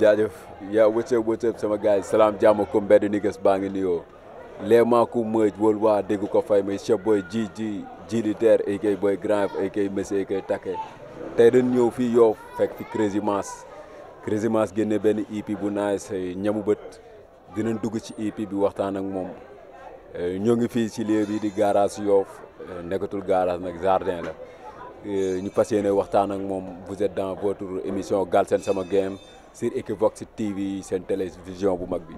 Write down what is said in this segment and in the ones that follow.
jaajëf yaa wëccëg wëccëg sama gars yi salaam jàmm ko mbedd ni gës baa ngi nuyoo léeg maa ko mëj wóolu waa dégg ko fay may chef booy ji ji jii di terre ay koy booy grand ay koy messi ay koy takke tey dañ ñëw fii Yoff fekk fi Crazy Mass génne benn EP bu nice eh, ñamu bët dinañ dugg ci EP bi waxtaan ak moom eh, ñoo ngi fii ci lieu bi di garage Yoff eh, nekkatul garage nag jardin la ñu fas yéene waxtaan ak moom vous dans votre émission Galsen Sama Game sur Equivox TV seen télévision bu mag bi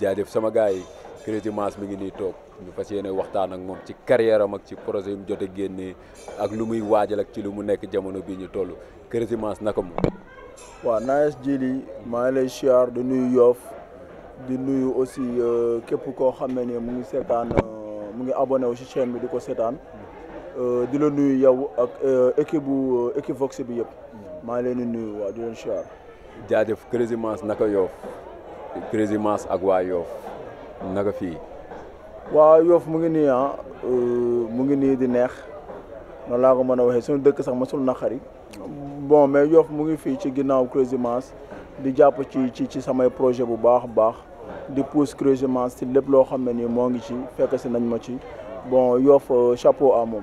jaajëf sama gars yi Crazy Mass mi ngi nuy toog ñu fas yéene waxtaan ak moom ci carrière mag ci projet yu mu jot a génnee ak lu muy waajal ak ci lu mu nekk jamono bi ñu toll Crazy Mass naka mu. waaw nice di maa ngi lay siyaar di nuyu yoof di nuyu aussi euh, képp koo xam ne ni mu ngi seetaan euh, mu ngi abonné wu si chaîne bi di ko seetaan euh, di la nuyu yow ak équipe bu Equivox bi yëpp mm. maa ngi leen di nuyu waaw di leen jaajëf Crazy Mass naka Yoff Crazy ak waa Yoff naka fii waaw Yoff mu ngi nii ah euh, mu ngi nii di neex noonu laa ko mën a waxee suñu dëkk sax masul naqari bon mais yoof mu ngi fii ci ginnaaw Crazy di jàpp ci ci ci samay projet bu baax baax di pousse Crazy si ci lépp loo xam ne nii moo ngi ci fekk si nañ ma ci bon Yoff euh, chapeau à moom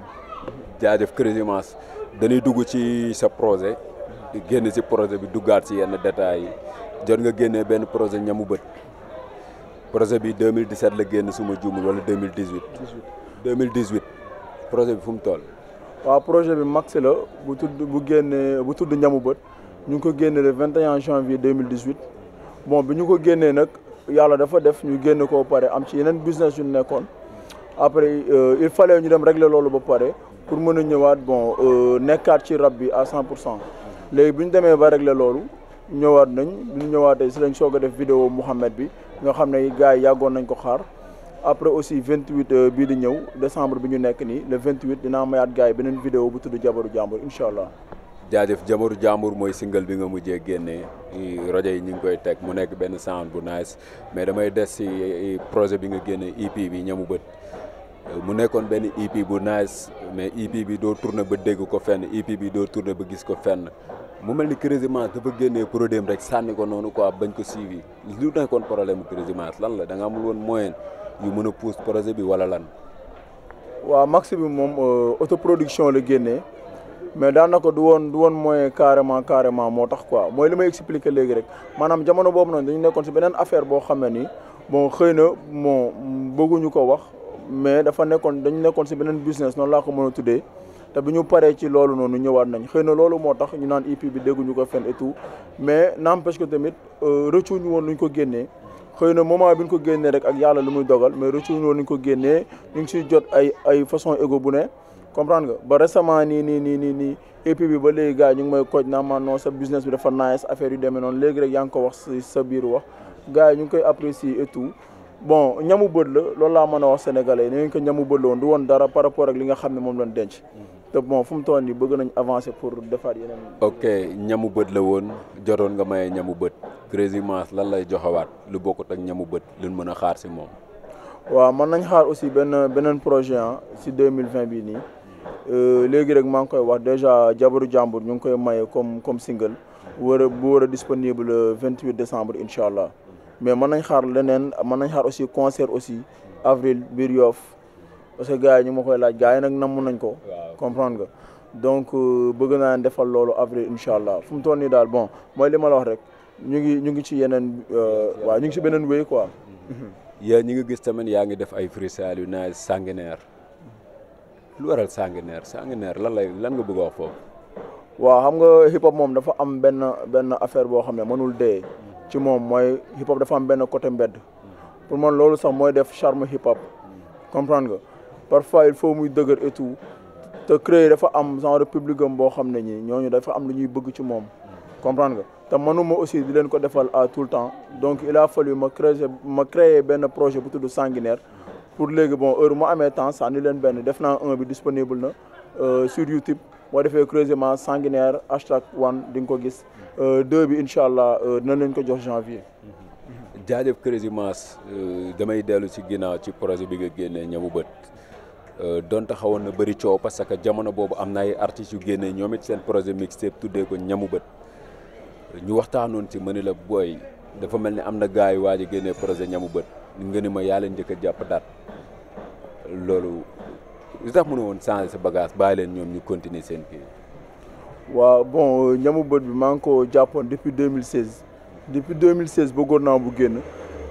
jaajëf Crazy Mass dugg ci sa projet génn si projet bi duggaat si yenn détails yi jot nga génnee benn projet ñamu bët projet bi 2017 la génn suma juumul wala 2018. 2018 projet bi fu mu toll. waaw projet bi max la bu tudd bu génnee bu tudd ñamu bët ñu ngi ko génne le 21 janvier 2018 bon bi ñu ko génnee nag yàlla dafa def ñu génn ko pare am ci yeneen business yu nekkoon après euh, il fale fallait ñu dem régler loolu ba pare pour mën a ñëwaat bon euh, nekkaat ci rab bi à 100 pour cent. léegi bi ñu demee ba régler loolu ñëwaat nañ bi ñu ñëwaatee si lañ soog a def vidéo Mouhamed bi nga xam ne gars yi yàggoon nañ ko xaar après aussi 28 bii di ñëw décembre bi ñu nekk nii le 28 dinaa mayaat gars yi beneen vidéo bu tudd jabaru jàmbur incha allah. jaajëf jabaru jàmbur mooy single bi nga mujjee génnee rajo yi ñu ngi koy teg mu nekk benn sound bu nice mais damay des si projet bi nga génne EP bi ñamu bët. Euh, mu nekkoon benn EP bu nice mais EP bi doo tourné ba dégg ko fenn EP bi doo tourné ba gis ko fenn mu mel ni Crazy Mass dafa génnee produit rek sànni ko noonu ko quoi bañ ko suivi lu nekkoon problème mu Crazy Mass lan la danga nga amul woon moyen yu mën a pousse projet bi wala lan. waaw max bi moom euh, autoproduction la génne mais daanaka du woon du woon moyen carrément carrément moo tax quoi mooy li may expliquer léegi rek maanaam jamono boobu noonu dañu nekkoon si beneen affaire boo xam ne ni bon xëy na bon bëgguñu ko wax. mais dafa nekkoon dañu nekkoon si beneen business noonu laa ko mën a tuddee te bi ñu paree ci loolu noonu ñëwaat nañ xëy na loolu moo tax ñu naan EP bi dégguñu ko fenn et tout mais n'empêche que tamit euh, ñu woon luñ ko génnee xëy na moment bi ñu ko génnee rek ak yàlla lu muy dogal mais rëccuñu woon luñ ko génnee ñu ngi siy jot ay ay façon égo bu ne comprendre nga ba récemment nii nii nii nii nii EP bi ba léegi gars yi ñu ngi may kooj naa man non sa business bi dafa yu demee noonu léegi rek yaa ngi wax si sa biir wax gars ñu ngi koy apprécier et bon ñamu bët la loolu laa mën a wax sénégalais ni ñu ko ñamu bët la woon du woon dara par rapport ak li nga xam ne moom lañ denc. Mhm. te bon fu mu toll nii bëgg nañ avancer pour defaat yeneen. ok ñamu bët la woon jotoon nga maye ñamu bët Crazy Mass lan lay joxewaat lu bokkut ak ñamu bët luñ mën a xaar si moom. waaw man nañ xaar aussi benn beneen projet ah si 2020 bii nii euh, léegi rek maa ngi koy wax déjà jabaru jàmbur ñu ngi koy maye comme comme single. war a bu war a disponible 28 incha allah. mais mën nañ xaar leneen mën nañ xaar aussi concert aussi avril biir Yoff parce que gars yi ñu ma koy laaj gars yi nag namm nañ ko. comprendre nga donc euh, bëgg naa defal loolu avril incha allah fu mu toll nii daal bon mooy li ma la wax rek ñu ngi ñu ngi ci yeneen. Euh, waa ñu ngi ci beneen wéy quoi. Mm-hmm. yaa ñi nga gis tamit yaa ngi def ay freestyle yu naaj sanguinaire lu waral sanguinaire sanguinaire lan lay lan nga bëgg wax foofu. waaw xam nga hip hop moom dafa am benn benn affaire boo xam ne mënul dee. ci moom mooy hip hop dafa am benn côté mbedd pour man loolu sax mooy def charme hip hop comprendre nga parfois il faut muy dëgër et te créer dafa am genre public boo xam ne ñi ñooñu dafa am lu ñuy bëgg ci moom comprend nga te mënuma aussi di leen ko defal à tout le temps donc il a fallu ma créer ma créer benn projet bu tudd sanguinaire pour léegi bon heure mu amee temps sànni leen benn def naa un bi disponible na euh, sur YouTube boo defee creusement sanguinaire hashtag one di nga ko gis euh, deux bi incha allah euh, dinañ leen ko jox janvier. jaajëf Crésimence euh, damay dellu si ginnaaw ci projet bi nga génnee ñamu bët donte xawoon na bëri coow parce que jamono boobu am na ay artistes yu génnee ñoom seen projet mixtape tuddee ko ñamu bët ñu waxtaanoon si ma ni la booy dafa mel ni am na gars yi waa ji génnee projet ñamu bët nga ni ma yaa njëkk jàpp daat loolu. li tax mënu woon changer sa bagage bàyyi leen ñoom ñu continuer seen kii. waaw bon ñamu bët bi maa ngi ko jàppoon depuis 2016 depuis 2016 bëggoon naa bu génn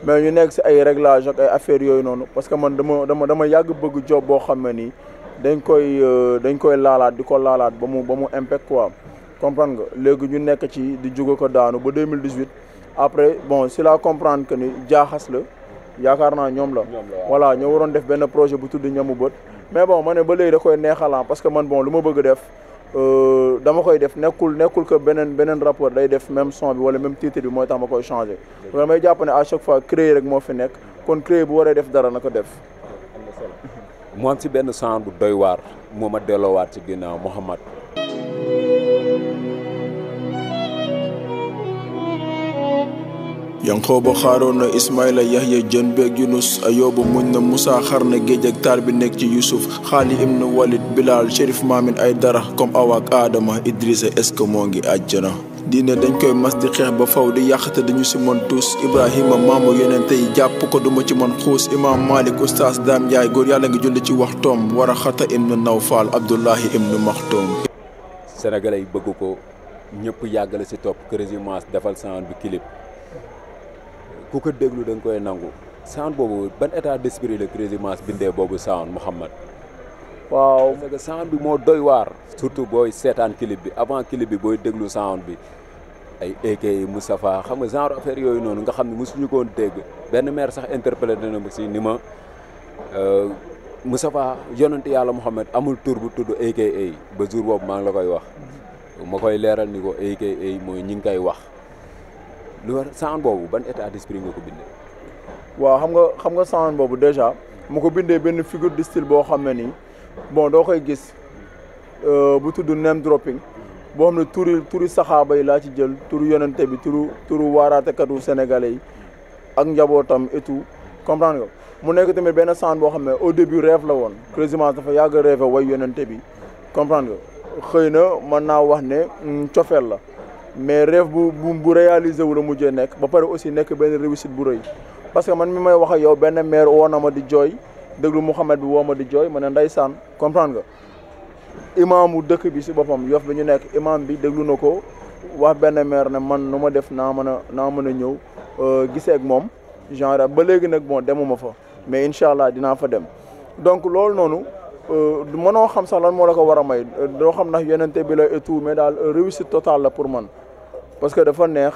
mais ñu nekk si ay réglage ak ay affaires yooyu noonu parce que man dama dama dama yàgg bëgg job boo xam ne nii dañ koy euh, dañ koy laalaat di ko laalaat ba mu ba mu impact quoi comprendre nga léegi ñu nekk ci di jóge ko daanu ba 2018 après bon si la comprendre que ni jaaxas la yaakaar naa ñoom la. voilà ñoo waroon def benn projet bu tudd ñamu bët. mais bon ma ne ba léegi da koy neexalan ah, parce que man bon lu ma bëgg def euh, dama koy def nekkul nekkul que beneen beneen rapport day def même son bi wala même titre bi mooy tax ma koy changé parce may jàpp ne à chaque fois créer rek moo fi nekk kon créer bu waree def dara na ko def mu am si benn son bu doy waar moo ma delloowaat ci ginnaaw Mouhamad yanqooba xaaroon na ismaila yahya jën beeg yunus ayoobu muñ na moussa xar na géej ak taar bi nekk ci yusuf xaali ibnu walid bilal shérif maamin ay dara comme awaak aadama idrisa est-ce que moo ngi àjjana diine dañ koy mas di xeex ba faw di yàqte dañu si mën tuus ibrahima maamu yonente yi jàpp ko duma ci mën xuus imaam malik oustaz daam njaay góor yàlla ngi julli ci waxtoom war a xata ibnu nawfaal abdullahi ibnu maxtoom sénégalais yi bëgg ko ñëpp yàggale si topp Casamance defal sound bi clip ku ko déglu da koy nangu sound boobu ban état d'esprit la Crazy Mass bindee boobu sound Mouhamad waaw parce que sound bi moo doy waar surtout booy seetaan clip bi avant clip bi booy déglu sound bi ay AK yi Moustapha xam nga genre affaire yooyu noonu nga xam ne mosuñu ko woon dégg benn maire sax interpellé na ma si ni ma euh, Moustapha yonent yàlla Mouhamed amul tur bu tudd AKA ba jour boobu maa ngi la koy wax ma koy leeral ni ko AKA mooy ñi ngi koy wax lu war saan boobu ban état d'esprit nga ko bindee. waaw xam nga xam nga saan boobu déjà mu ko bindee benn figure de style boo xam ne nii bon doo koy gis euh, bu tudd name dropping boo xam ne turi turi saxaaba yi laa ci jël turu yonente bi turu turu waaraatekatu sénégalais yi ak njabootam et tout comprendre mu nekk tamit benn saan boo xam ne au début rêve la woon Casamance dafa yàgg a rêve way yonente bi comprendre nga xëy na man naa wax ne mm, cofeel la. mais rêve bu bu bu réalisé wu la mujjee nekk ba pare aussi nekk benn réussite bu rëy parce que man mi may wax ak yow benn maire woo na di joy déglu Mouhamed bi woo ma di jooy ma ne ndeysaan comprendre nga imaamu dëkk bi si boppam yof bi ñu nekk imaam bi déglu na ko wax benn maire ne man nu ma def naa mën a naa mën a ñëw euh, gisee ak moom genre ba léegi nag moo demuma fa mais incha allah dinaa fa dem donc loolu noonu. Euh, mënoo xam sax lan moo la ko war a may doo xam na yonente bi la et tout mais daal réussite totale la pour man parce que dafa neex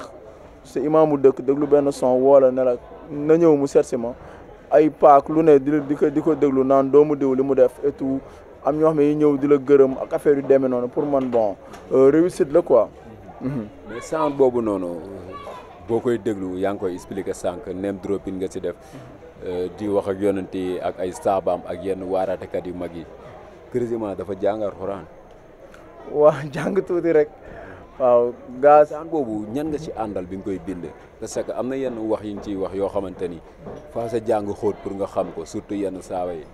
si mu dëkk déglu benn son woola nela la na ñëw mu seet si ma ay paak lu ne di ko di ko déglu naan doomu diw li mu def et am ñoo xam ne yi ñëw di la gërëm ak affaire yu demee noonu pour man bon euh, réussite la quoi. Mhm. mais sound boobu noonu boo koy déglu yaa ngi koy expliquer sànq name dropping nga si def euh, di wax ak yonent ak ay saabaam ak yenn waaraatekat yu mag yi Kër dafa jàng alxuraan. waa jàng tuuti rek. waaw gaasaan boobu ñan nga ci àndal bi nga koy bindee parce que am na yenn wax yi ñu ciy wax yoo xamante ni faa sa jàng xóot pour nga xam ko surtout yenn saawa yi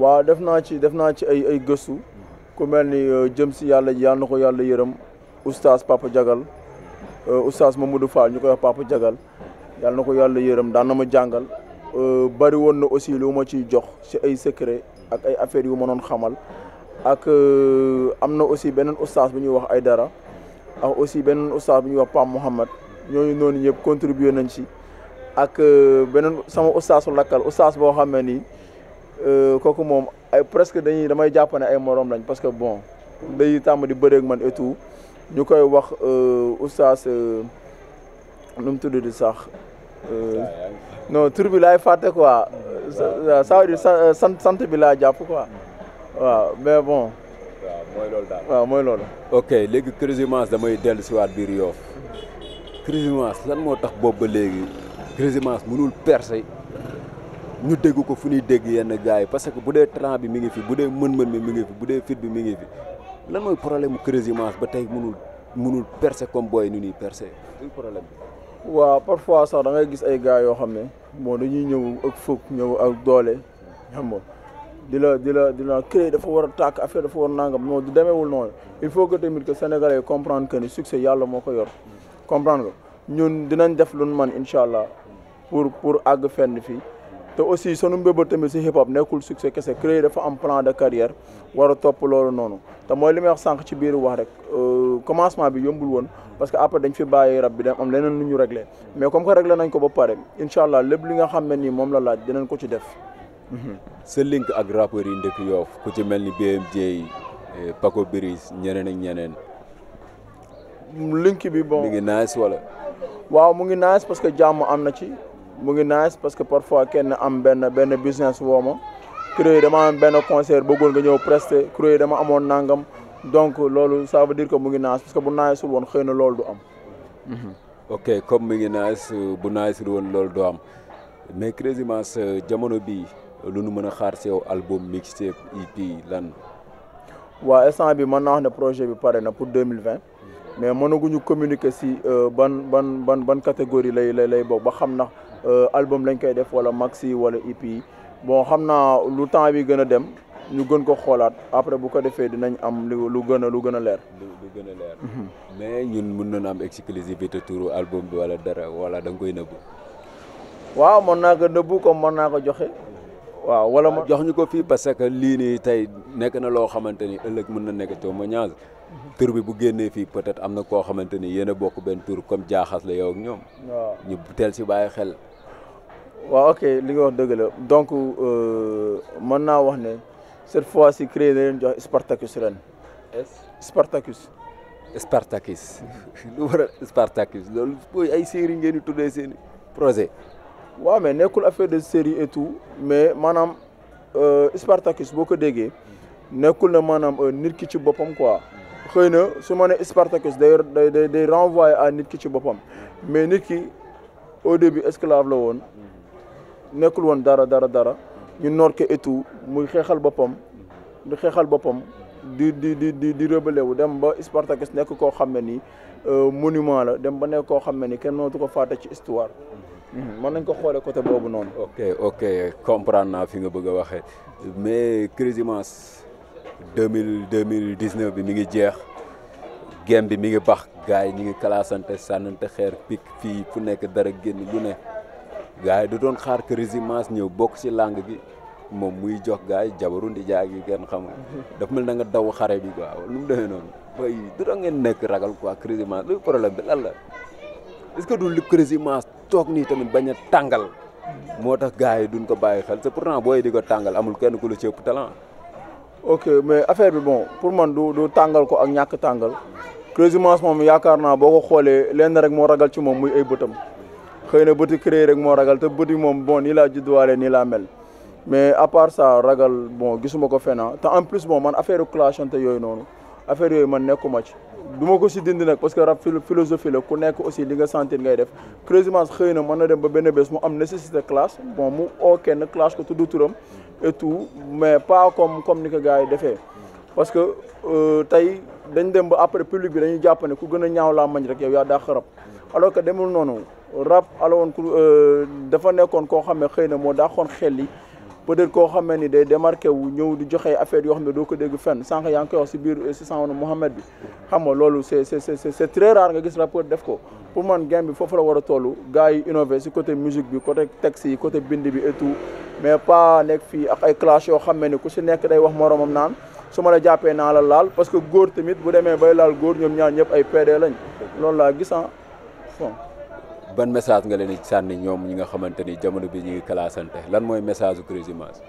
waaw def naa ci def naa ci ay ay gëstu ku mel ni euh, jëm si yàlla yal ko yàlla yërëm oustaz Papa Jagal euh, oustaz Mamadou Fall ñu koy wax Jagal yal na ko yàlla yërëm daan na ma jàngal euh, bari woon na aussi lu ma ci jox si ay secret ak ay affaires yu ma doon xamal ak am na aussi beneen oustaz bu ñuy wax ay dara ak aussi beneen oustaz bu ñuy wax Pam Mouhamad ñooñu noonu ñëpp contribuer nañ ci ak euh, beneen sama oustaz su lakkal oustaz boo xam ne nii euh, kooku moom ay presque dañuy damay jàpp ne ay moroom lañ parce que bon day tàmm di bëreeg man et ñu koy wax oustaz euh, nu mu tudd di sax. non tur bi laay fàtte quoi. ça veut dire sant jàpp quoi mm. waaw mais bon. waaw mooy loolu daal mooy loolu. ok léegi Casamance damay dellu si waat biir Yoff Casamance lan moo tax boobu ba léegi Casamance munul percer ñu dégg ko fu nuy dégg yenn gars yi parce que bu dee talent bi mi ngi fi bu dee mën-mën bi mi ngi fi bu dee fit bi mi ngi fi lan mooy problème mu ba tey munul munul percer comme booy nu ñuy percer luy problème bi. waaw parfois sax da ngay gis ay gars yoo xam ne bon dañuy ñëw ak fukk ñëw ak doole xam di la di la di la créer dafa war a tàkk affaire dafa war a nangam non du demeewul noonu il faut que tamit que sénégalais yi comprendre que ni succès yàlla moo ko yor comprendre nga ñun dinañ def lu man incha allah pour pour àgg fenn fii te aussi sunu mbébal tamit si hip hop nekkul succès kese créer dafa am plan de carrière war a topp loolu noonu te mooy li may wax sànq ci biir wax rek euh, commencement bi yombul woon parce que après dañ fi bàyyi rab bi dem am leneen lu ñu réglé mais comme que réglé nañ ko ba pare incha allah lépp li xam ne nii moom la laaj dinañ ko ci def. sa link ak rappeurs yi ndëkk Yoff ku ci mel ni BMJ eh, Paco Briz ñeneen ak ñeneen. link bi bon mi ngi nice wala. waaw mu ngi nice parce que jàmm am na ci. mu ngi nice parce que parfois kenn am benn benn business woo ma. créé dama am benn concert bëggoon nga ñëw presté créé dama amoon nangam donc loolu ça veut que mu ngi nice parce que bu niceul woon xëy na loolu du am. Mm-hmm. ok comme mu ngi nice bu niceul woon loolu du am mais Crazy eh, jamono bii. lu nu mën a xaar si yow album mixtape EP lan. waaw instant bi man naa wax ne projet bi pare na pour deux mille vingt mais mënaguñu communiquer si euh, ban ban ban ban catégorie lay lay lay bokk ba xam na euh, album lañ koy def wala maxi wala EP bon xam naa lu temps bi gën a dem ñu gën ko xoolaat après bu ko defee dinañ am lu lu gën lu gën a leer. lu gën a leer. Mhm. mais ñun mun nañu am exclusivité turu album bi wala dara wala da nga koy nëbbu. waaw mën naa ko nëbbu comme mën naa ko joxe. waaw wala ma jox ñu ko fii parce que lii nii tey nekk na loo xamante ni ëllëg mën na nekk témoignage mhm. tur bi bu génnee fii peut-être am na koo xamante ni yéen a bokk benn tur comme jaaxas la yow ñoom. ñu teel si bàyyi xel. waaw ok li nga wax dëgg la donc euh, mën naa wax ne cette fois ci créé na jox Spartacus ren. Spartacus. Spartacus lu war a Spartacus loolu booy ay série ngeen di tuddee seen projet. waaw mais nekkul affaire de série et mais maanaam euh, Spartacus boo ko déggee nekkul na maanaam euh, nit ki ci boppam quoi xëy na su ma ne Spartacus day day day renvoyer à nit ki ci boppam mais nit ki au début esclave la woon nekkul woon dara dara dara ñu noor ko et muy xeexal boppam di xeexal boppam di di di di di rebelle wu dem ba Spartacus nekk koo xam ne nii euh, monument la dem ba nekk koo xam ne ni kenn nootu ko fàtte ci histoire Mhm. mën nañ ko xoole côté boobu noonu. ok ok comprendre naa fi nga bëgg a waxee mais Casamance deux mille deux mille dix neuf bi mu ngi jeex gem bi mi ngi bax gars yi ñu ngi kalaasante sànnante xeer pik fii fu nekk dara génn lu ne gars yi du doon xaar Casamance ñëw bokk si langue bi moom muy jox gars yi jabaru ndi jaay gi kenn xamul. Mhm. dafa mel na nga daw xare bi quoi lu mu demee noonu. waaye du doon ngeen nekk ragal ko Casamance lu problème bi lan la est du li Casamance. toog nii tamit bañ a tàngal moo tax gars yi duñ ko bàyyi xel te pourtant booy di ko tàngal amul kenn ku la ci ëpp talent. ok mais affaire bi bon pour man du du tàngal ko ak ñàkk tàngal Crazy moom yaakaar naa boo ko xoolee lenn rek moo ragal ci moom muy ay bëtam xëy na bëti créé rek moo ragal te bëti moom bon nii laa judduwaale nii laa mel mais à part ça ragal bon gisuma ko fena te en plus bon man affaire clashante yooyu noonu affaire yooyu man nekkuma ci. du ma ko si dindi nag parce que rap philosophie la ku nekk aussi li nga sentir ngay def Crazy xëy na mën na dem ba benn bés mu am nécessité classe bon mu oo kenn classe ko tudd turam et tout mais pas comme comme ni ko gars yi defee parce que euh, tey dañ dem ba après public bi dañuy jàpp ne ku gën a ñaaw laa mañ rek yow yaa dàq rap alors que demul noonu rap alawoon ku euh, dafa nekkoon koo xam ne xëy na moo daaxoon xel yi peut-être koo xamee ni day démarqué wu ñëw di joxe affaire yoo xam ne doo ko dégg fenn sànq yaa ngi koy wax si biir eh, si sànq Mouhamed bi xam nga loolu c'est nga gis rappeur def ko pour man game bi foofu la war a toll gars yi innové si côté musique bi côté texte yi côté bind bi et mais pas nekk fii ak ay clash yoo xam ne ku si nekk day wax moromam naan su ma la jàppee naa la laal parce que góor tamit bu demee bay laal góor ñoom ñaar ñëpp ay PD lañ loolu laa gis ah bon ban message nga leen di sànni ñoom ñi nga xamante ni jamono bi ñu ngi classante lan mooy message su Casamance.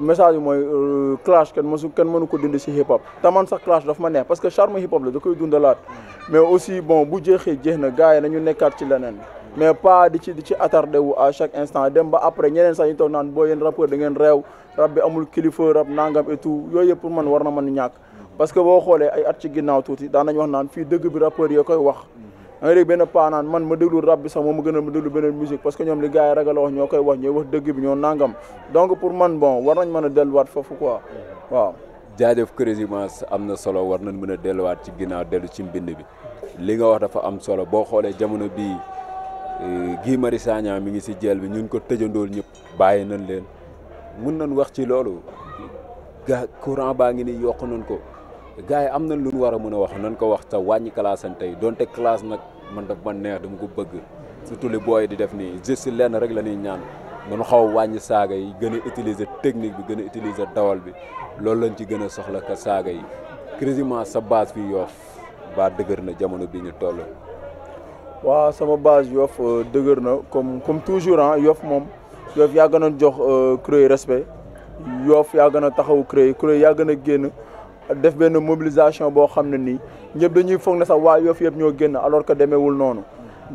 message bi mooy euh, clash kenn mësu kenn mënu ko dund si hip hop te sax clash daf ma neex parce que charme hip hop la da dundalaat mais aussi bon bu jeexee jeex na gars yi nañu nekkaat ci leneen. mais pas di ci di ci attardé wu à chaque instant dem ba après ñeneen sax ñu toog naan boo yéen rappeur da ngeen réew bi amul kilifa rap nangam et yooyu yëpp pour war na mën ñàkk. parce que boo xoolee ay at ci ginnaaw tuuti daan nañ wax naan fii dëgg bi rappeur yoo koy wax. da ngay dégg benn paanaan man ma déglu rap bi sax moom ma gën a ma beneen musique parce que ñoom li gars yi ragal koy wax ñooy wax dëgg bi ñoo nangam donc pour man bon war mën a delluwaat foofu quoi waaw jaajëf Crazy am na solo war nañ mën a delluwaat ci ginnaaw dellu ci mbind bi li nga wax dafa am solo boo xoolee jamono bii eh, Guy Marius Sagna mi ngi si jeel bi ñun ko tëjandool ñëpp bàyyi nañ leen mun nañ wax ci loolu ga courant baa ngi ni yokk nañ ko gars yi am na lu ñu war a mën a wax nañ ko wax te wàññi classe tey donte classe nag man daf ma neex dama ko bëgg surtout li booy di def nii juste lenn rek la ñuy ñaan nañu xaw a wàññi saaga yi gën a utiliser technique bi gën a utiliser dawal bi loolu lañ ci gën a soxla ka saaga yi quasiment sa baas bi yoof baa dëgër na jamono bi ñu toll. waaw sama base yoof euh, dëgër na comme comme toujours ah yoof moom yoof yaa gën a jox euh, CREI respect yoof yaa gën a taxaw CREI CREI yaa gën a génn. def benn mobilisation boo xam ne nii ñëpp dañuy foog ne sax waa yoof yëpp ñoo génn alors que demeewul noonu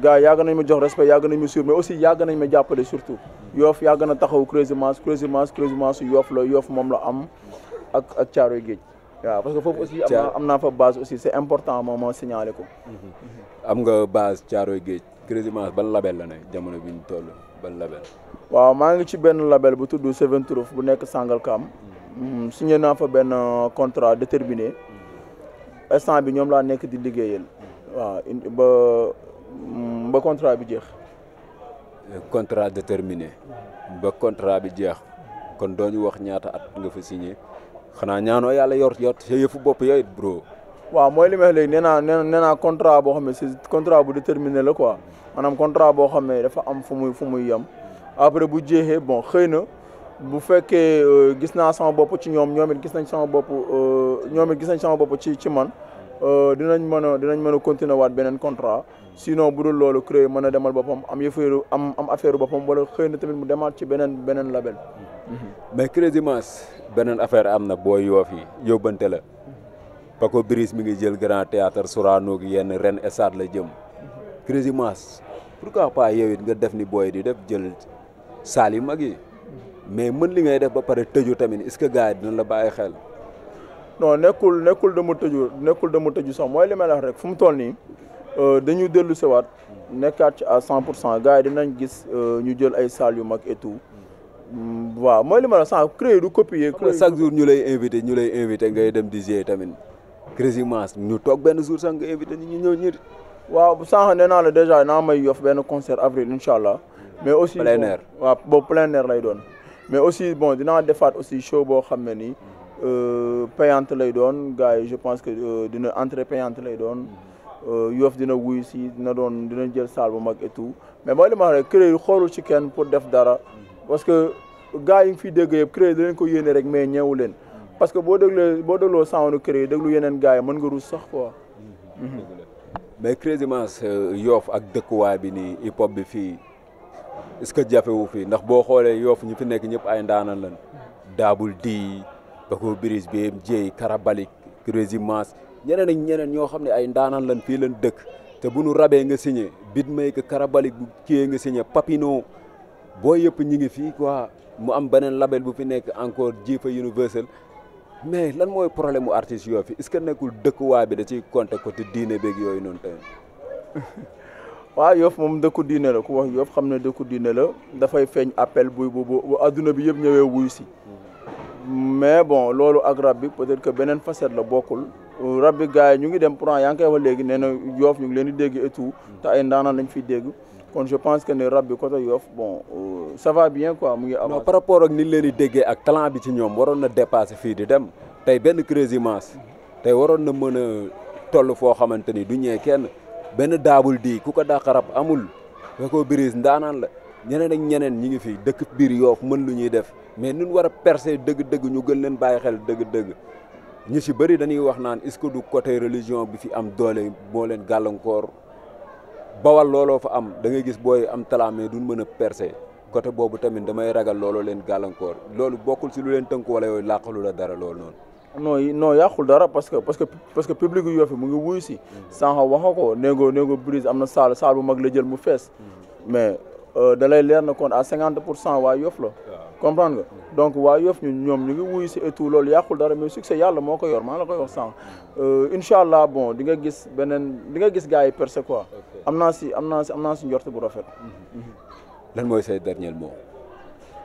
gars yàgg nañ ma jox respect yàgg nañ ma suivre mais aussi yàgg nañ ma jàppale surtout Yoff yàgg na taxaw Crazy Mass Crazy Mass Crazy Mass Yoff la Yoff moom la am ak ak Caaroy Géej waaw parce que foofu aussi am naa fa base aussi c'est important moom moo signalé ko mhm. am nga base Caaroy Géej Crazy Mass ban label la ne jamono bi ñu toll ban label waaw maa ngi ci benn label bu tudd Seven Truth bu nekk Sangalkam Hmm, signé naa fa benn euh, contrat déterminé instant bi ñoom laa nekk di liggéeyal waaw ba hmm, ba contrat bi jeex. contrat déterminé ba contrat bi jeex kon doo ñu wax ñaata at nga fa signé xanaa ñaanoo yàlla yor yor sa yëfu bopp yooyu bro. waaw mooy li may wax nee naa nee contrat boo xam ne c'est contrat bu déterminé la quoi maanaam contrat boo xam ne dafa am fu muy fu muy yem après bu jeexee bon xëy na. bu fekkee euh, gis naa sama bopp ci ñoom ñoom gis nañ sama bopp euh, ñoom it gis nañ sama bopp ci ci man euh, dinañ mën a dinañ mën a continuer waat beneen contrat sinon bu dul loolu créer mën a demal boppam am yëfeeru am am affaire boppam wala xëy na tamit mu demaat ci beneen beneen label. Mm-hmm. mais Crazy Mass beneen affaire am na boo yoo fi yóbbante la Paco brise mi ngi jël grand théâtre Sorano yenn ren estade la jëm mm-hmm. Crazy Mass pourquoi pas yow it nga def ni booy di def jël saal yu mag yi. mais mën li ngay def ba pare tëju tamit est-ce que gars yi dina la bàyyi xel. non nekkul nekkul dama tëju nekkul dama tëju sax mooy li may wax rek fu mu toll nii euh, dañu dellu siwaat nekkaat ci à 100 pour cent gars yi nañ gis euh, ñu jël ay salles yu mag et tout. Mm, waaw mooy li ma la sànq créé du copier. chaque jour ñu lay invité ñu lay invité ngay dem di gérer tamit Crésimence ñu toog benn jour sax nga invité ñu ñëw ñi. waaw bu sànq nee naa la dèjà naa may yof benn concert avril incha allah. mais aussi plein air waaw boobu plein air lay doon. mais aussi bon dinaa defaat aussi show boo xam ne nii mm-hmm. euh, payante lay doon gars yi je pense que euh, dina entrée payante lay doon mm-hmm. euh, yoof dina wuy si dina doon dina jël salle bu mag et tout mais mooy li rek créer xoolul ci kenn pour def dara mm-hmm. parce que gars yi nga fiy dégg yëpp créer dinañ ko yéene rek mais ñëwu leen parce que boo déglee boo dégloo sànq créer déglu yeneen gars yi mën nga ruus sax quoi. mais Crazy Mass Yoff ak dëkkuwaay bi nii ipop bi fii. est-ce que jafewu fi ndax boo xoolee yoofu ñu fi nekk ñëpp ay ndaanan lan daabul di bako brise bi jéy karabalik résimence ñeneen ak ñeneen ñoo xam ne ay ndaanan lan fii lan dëkk te bu nu rabee nga bit signé beatmaker karabalik bu kiyee nga signé papino boo yëpp ñi ngi fii quoi mu am beneen label bu fi nekk encore jiifa universel mais lan mooy problème mu artiste yoo fi est-ce que nekkul dëkkuwaay bi da ciy compter côté diine beeg yooyu noonu tamit waaw yoof moom dëkku diine la ku wax Yoff xam ne dëkku diine la dafay feeñ appel buy bu bu adduna bi yëpp ñëwee wuyu si mais bon loolu ak rab bi peut-être que beneen facette la bokkul rab bi gars ñu ngi dem pourtant yaa ngi koy léegi nee na Yoff ñu ngi leen di dégg et te ay ndaanaan lañ fiy dégg kon je pense que ne rab bi côté Yoff bon euh, ça va bien quoi mu ngi am par rapport ak ni leen di déggee ak talent bi ci ñoom waroon na dépasse fii di dem tey benn Crazy Mass tey waroon na mën a toll foo xamante ni du ñee kenn benn daabul di ku ko dàqarab amul Reco Brise ndaanaan la ñeneen ak ñeneen ñi ngi fi dëkk biir Yoff mën lu ñuy def mais nun war a percer dëgg-dëgg ñu gën leen bàyyi xel dëgg-dëgg ñu si bëri dañuy wax naan est-ce que du côté religion bi fi am doole moo leen gàllankoor bawal looloo fa am da ngay gis booy am talent mais duñ mën a percer côté boobu tamit damay ragal looloo leen gàllankoor loolu bokkul si lu leen tënk wala yooyu làqalu la dara loolu noonu non non yàqul dara parce que parce que parce que public yu Yoff mu ngi wuyu si mm. sànq waxa ko Négo Négo Brise am na saal saal bu mag la jël mu fees mm. mais euh, da leer na kon à cinquante pour cent waa Yoff la comprendre mm. donc waa Yoff ñu ñoom ñu ngi wuyu si et tout loolu yàqul dara mais succès yàlla moo ko yor maa la koy wax sànq euh, incha allah bon di nga gis beneen di nga gis gars yi percé quoi am naa si am naa si am naa si njort bu rafet mm-hmm. Mm-hmm. lan mooy say dernier mot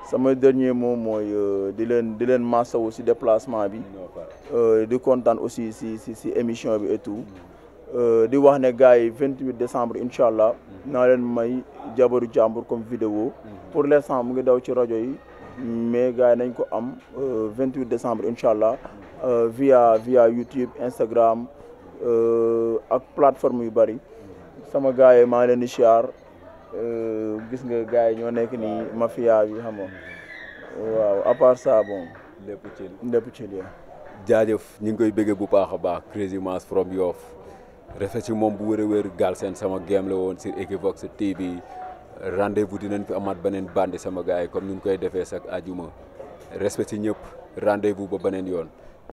sama dernier mot mooy euh, di leen di leen masawu si déplacement bi euh, di kontaan aussi si si si émission bi et tout euh, di wax ne gars yi 28 décembre incha allah naa leen may jabaru jàmbur comme vidéo pour l'instant mu ngi daw ci rajo yi mais gars nañ ko am 28 décembre incha allah via via YouTube Instagram ak plateforme yu bëri sama gars yi maa ngi leen di Euh, gis nga gars yi ñoo nekk nii mafia bi xamoon nga waaw à part ça ci lépp ci lii. jaajëf ñu ngi koy bëggee bu baax a baax Crazy Mass from Yoff rafet si moom bu wër a wër Galsen sama game la woon sur Equivox TV rendez-vous dinañ fi amaat beneen bandi sama gars yi comme ni ñu koy defee chaque àjjuma respect si ñëpp rendez-vous ba beneen yoon.